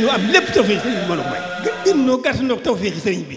ñu am lépp tawfeex sëriñ bi mën a may. gën noo gàtt noo tawfeex sëriñ bi.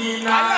Medina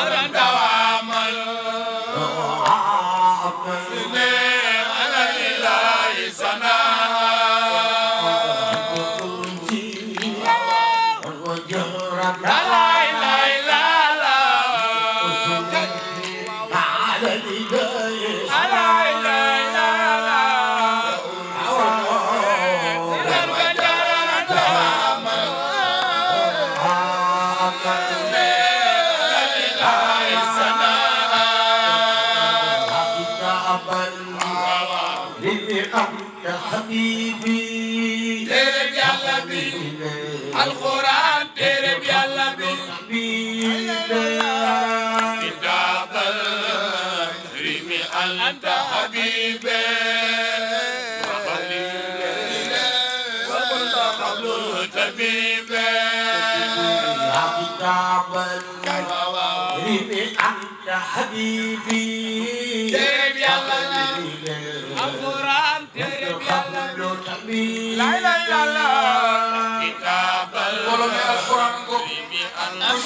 Randa يا حبيبي ترب يلا بي القرآن ترب يلا بي كتاب الكريم أنت حبيبي وخليلي وكنت قبل طبيبي يا كتاب الكريم أنت حبيبي ترب يلا بي la la la kitabal bolone alquran ko insha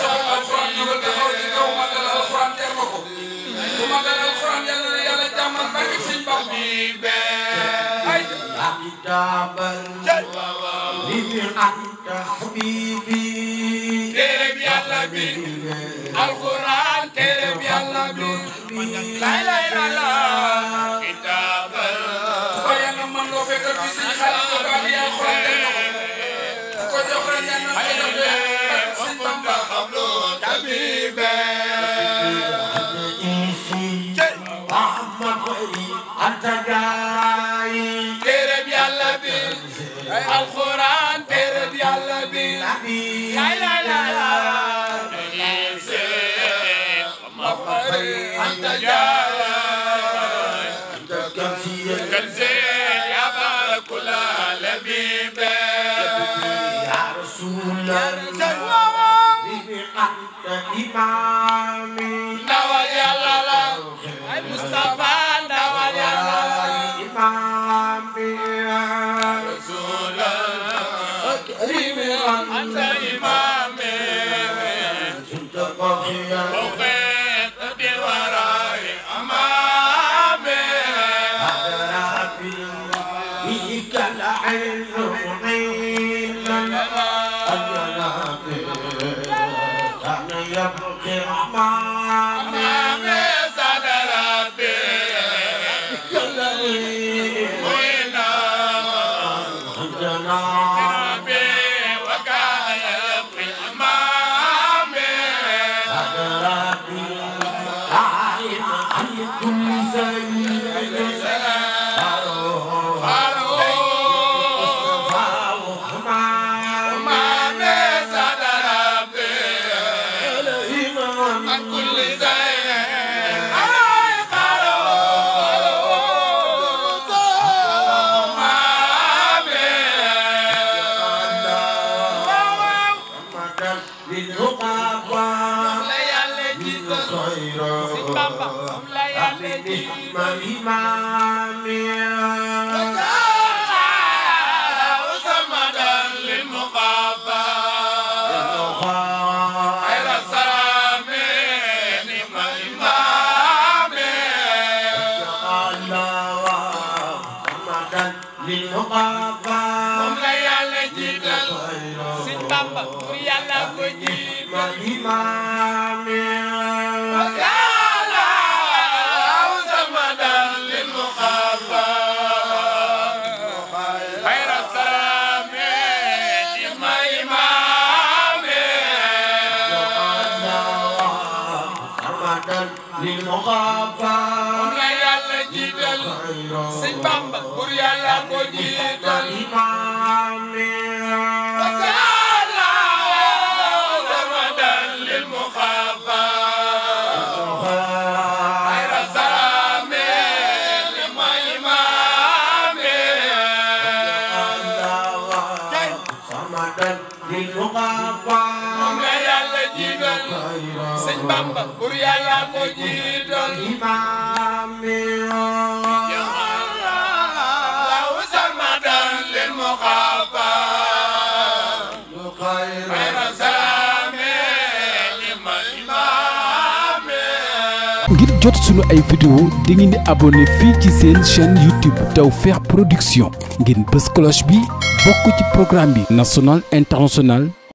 Allah alquran ñu ko taxaw ci kaw magal alquran ter ma ko bu magal alquran yàlla na yàlla jàmmal barke sëñ Bamba bi be ay kitabal li an tahbibi tere bi yàlla bi alquran tere bi yàlla bi la la la bi suñu xalaat bu baax yi alxuraan ko ko jox ren Amen. يبقى الرحمن Mami, mami, mami. Sëñ Bamba bur Yàlla ko jiital Bamba ngir jot sunu ay vidéo di ngeen di abonné fii ci seen chaîne YouTube Tawfekh Production ngeen bës cloche bi bokk ci programme bi national international